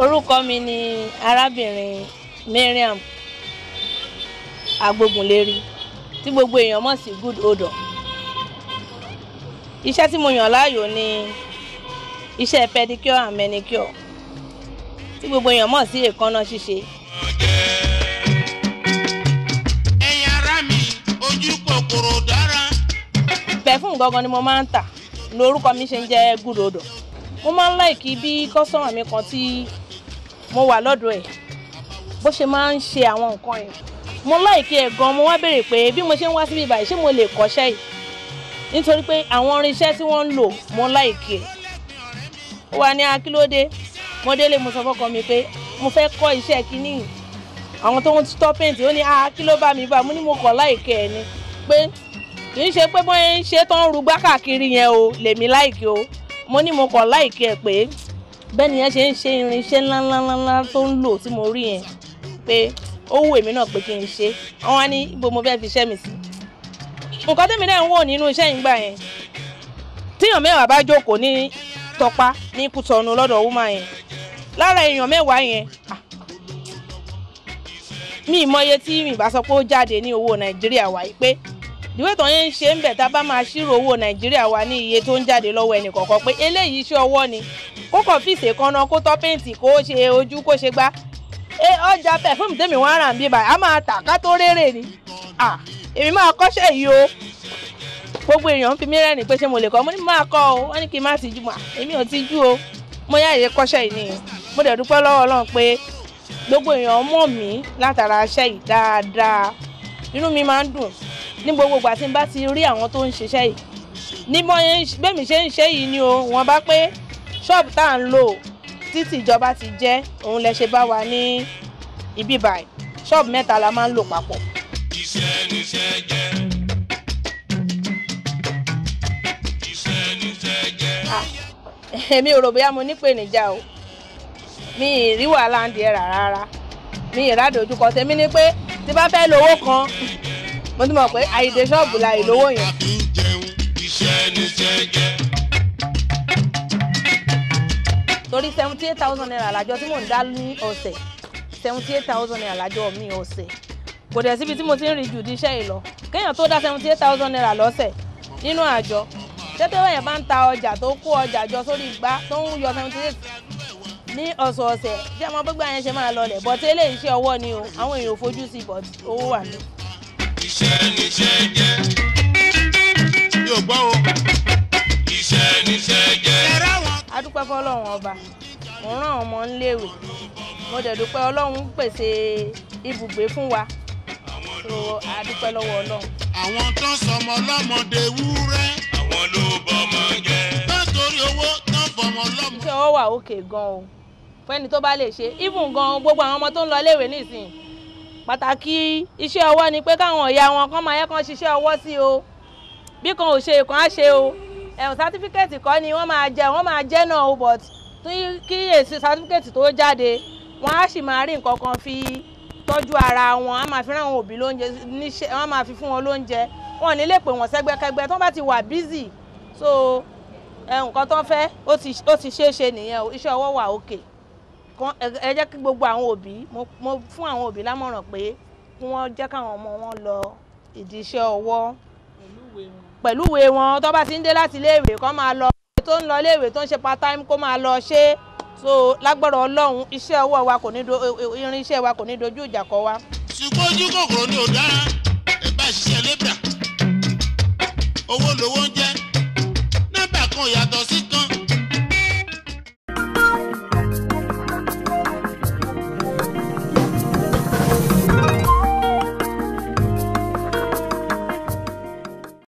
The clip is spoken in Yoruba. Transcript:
orúkọ mi ni arábìnrin Mariam Agbogunlérí tí gbogbo èèyàn mọ̀ sí good odor iṣẹ́ tí mo yàn láàyò ni iṣẹ́ pedicure and manicure tí gbogbo èèyàn mọ̀ sí èékánná ṣíṣe. ẹ̀yin ará mi ojú kòkòrò dára. pẹ̀fún gangan ni mo máa ń tà lórúkọ mi ṣe ń jẹ́ good odor mo máa ń láìkí bí kọ́sọ́mà mi kan tí mo wà lọ́dọ̀ ẹ̀ bó ṣe máa ń ṣe àwọn nǹkan yẹn mo láìkí ẹ̀ gan mo wá béèrè pé bí mo ṣe ń wá síbí báyìí ṣé mo lè kọ́ṣẹ́ yìí nítorí pé àwọn irinṣẹ́ tí wọ́n ń lò mo láìkí ẹ̀ ó wà ní akílódé mo délé mo sọ fọ́kọ mi pé mo fẹ́ kọ́ iṣẹ́ kínní àwọn tó ń tọ́ péǹtì ó ní a kí ló bá mi bá mo ní mo kọ̀ láìkí ẹ̀ ni pé kì í ṣe pé bọ́n ń ṣe tó ń rúgbá káàkiri yẹn o lèmi láìkí o mo ní mo kọ̀ láìkí ẹ̀ pé bẹ́ẹ̀ nìyẹn ṣe ń ṣe irinṣẹ́ ńláńláńlá tó ń lò tí mo rí yẹn pé ó wù èmi náà pé kí n ṣe wọn wá ní ibo mo fẹ́ fi iṣẹ́ mi sí. nǹkan tẹ́mi náà ń wò nínú iṣẹ́ yìí gbà yẹn tíyàn mẹ́wàá bá jókòó ní tọpa ní kùtọ̀nù lọ́dọ̀ wúmà yẹn lára èèyàn mẹ́wàá yẹn mi ìmọye tí mi bá sọ pé ó jáde ní owó nàìjíríà wáyé pé ìwé ìtàn yẹn ń ṣe ń bẹ̀ tá a bá máa ṣírò owó nàìjíríà wa ní iye tó ń jáde lọ́wọ́ ẹnìkọ̀ọ̀kan pé eléyìí iṣẹ́ ọwọ́ ni kó kàn kan náà kó tọ́ péǹtì kó ṣe ojú kó ṣe gbá ọjà pẹ̀fúmù tèmi wọn rà bí báyìí a máa tà ká tó rérè ni èmi máa kọ́ṣẹ́ yìí o gbogbo èèyàn ń fi mí rẹ́rìn pé ṣé mo lè kọ́ mo ní máa kọ́ o wọ́n ní kí n má tijú mà èmi ò tijú o mo yá ìyẹn kọ́ṣẹ́ yìí nìyẹn mo dẹ̀ dúpẹ́ lọ́wọ́ ọlọ́run pé gbogbo èèyàn mọ̀ mí látara iṣẹ́ yìí dáadáa inú mi máa ń dùn ní gbogbo ìgbà tí n bá ti rí àwọn tó ń ṣiṣẹ́ yìí ní bẹ́mi ṣe ń ṣe yìí ni o wọ́n bá pé ṣọ́ọ̀bù tá à ń lò títí ìjọba ti jẹ́ òun lẹ ṣe bá wa ní ibi ṣọ́ọ̀bù mẹ́ta la máa ń lò papọ̀. Ah, èmi ò rò bóyá mo nípèníjà o mi ì rí wàhálà ń di ẹ̀ rárá mi ì rádòjúkọ tèmi ni pé tí bá fẹ́ lówó kan mo ti mọ̀ pé àyíde ṣọ́ọ̀bù la ìlówó yẹn. torí seventy eight thousand naira làjọ tí mò ń dá ní ọ̀sẹ̀ seventy eight thousand naira làjọ mi ọ̀sẹ̀ kò dẹ̀ síbi tí mo ti ń rí jù díṣẹ́ yìí lọ kéèyàn tó dá seventy eight thousand naira lọ́sẹ̀ nínú àjọ tẹ́tẹ́wọ̀ yẹn bá ń ta ọjà tó kó ọjà jọ sórí igbá tó ń yọ seventy eight ní ọ̀sọ̀ọ̀sẹ̀ bí àwọn gbogbo àyẹ̀ṣẹ̀ máa lọlẹ̀ bọ̀tẹ́lẹ̀ iṣẹ́ ọwọ́ ni o àwọn èèyàn ò fojú sí bọ̀t owó wà ní. Iṣẹ́ níṣẹ́ jẹ́. Yóò gbọ́ o. Iṣẹ́ níṣẹ́ jẹ́. A dúpẹ́ fọlọ́run ọba, mo rán ọmọ ńléèwé, mo dẹ̀ dúpẹ́ ọlọ́run pèsè ibùgbé fún wa. So a dúpẹ́ lọ́wọ́ ọlọ́run. Àwọn tó sọmọ lọ́mọdé wúrẹ́. Àwọn ló bọ́mọ jẹ́. Nítorí owó tán fọmọ lọ́mọ. Iṣẹ́ ọwà òkè gan o. Fẹ́ni tó bá lè ṣe, even gan gbogbo àwọn ọmọ tó ń lọ iléèwé nísìnyí pàtàkì iṣẹ́ ọwọ́ ni pé káwọn ìyá wọn kán máa yẹ kán ṣiṣẹ́ ọwọ́ sí o bí kan ò ṣe ìkan á ṣe o ẹ̀hún sátífíkẹ̀tì kọ́ ni wọ́n máa jẹ wọ́n máa jẹ́ náà o but kí èsì sátífíkẹ̀tì tó jáde wọ́n á sì máa rí nǹkan kan fi tọ́jú ara wọn á máa fi rán àwọn òbí lóúnjẹ níṣẹ́ wọ́n máa fi fún wọn lóúnjẹ wọn ò ní lè pè wọ́n sẹ́gbẹ́kẹ́gbẹ́ tó bá ti wà busy so nǹkan tó ń fẹ́ ó ti ṣeé ṣe nìyẹn o iṣẹ́ ọwọ́ wà òkè. Okay kan ẹ jẹ́ kí gbogbo àwọn òbí mo fún àwọn òbí lámọ̀ràn pé kí wọ́n jẹ́ káwọn ọmọ wọn lọ ìdí iṣẹ́ ọwọ́ pẹ̀lú ìwé wọn tó bá ti ń dé láti iléèwé kó máa lọ tó ń lọ iléèwé tó ń ṣe part time kó máa lọ ṣe so lágbára ọlọ́run iṣẹ́ ọwọ́ wa kò ní do irin iṣẹ́ wa kò ní dojú ìjà kọ wa. ṣùgbọ́n ojú kòkòrò ni ò dára.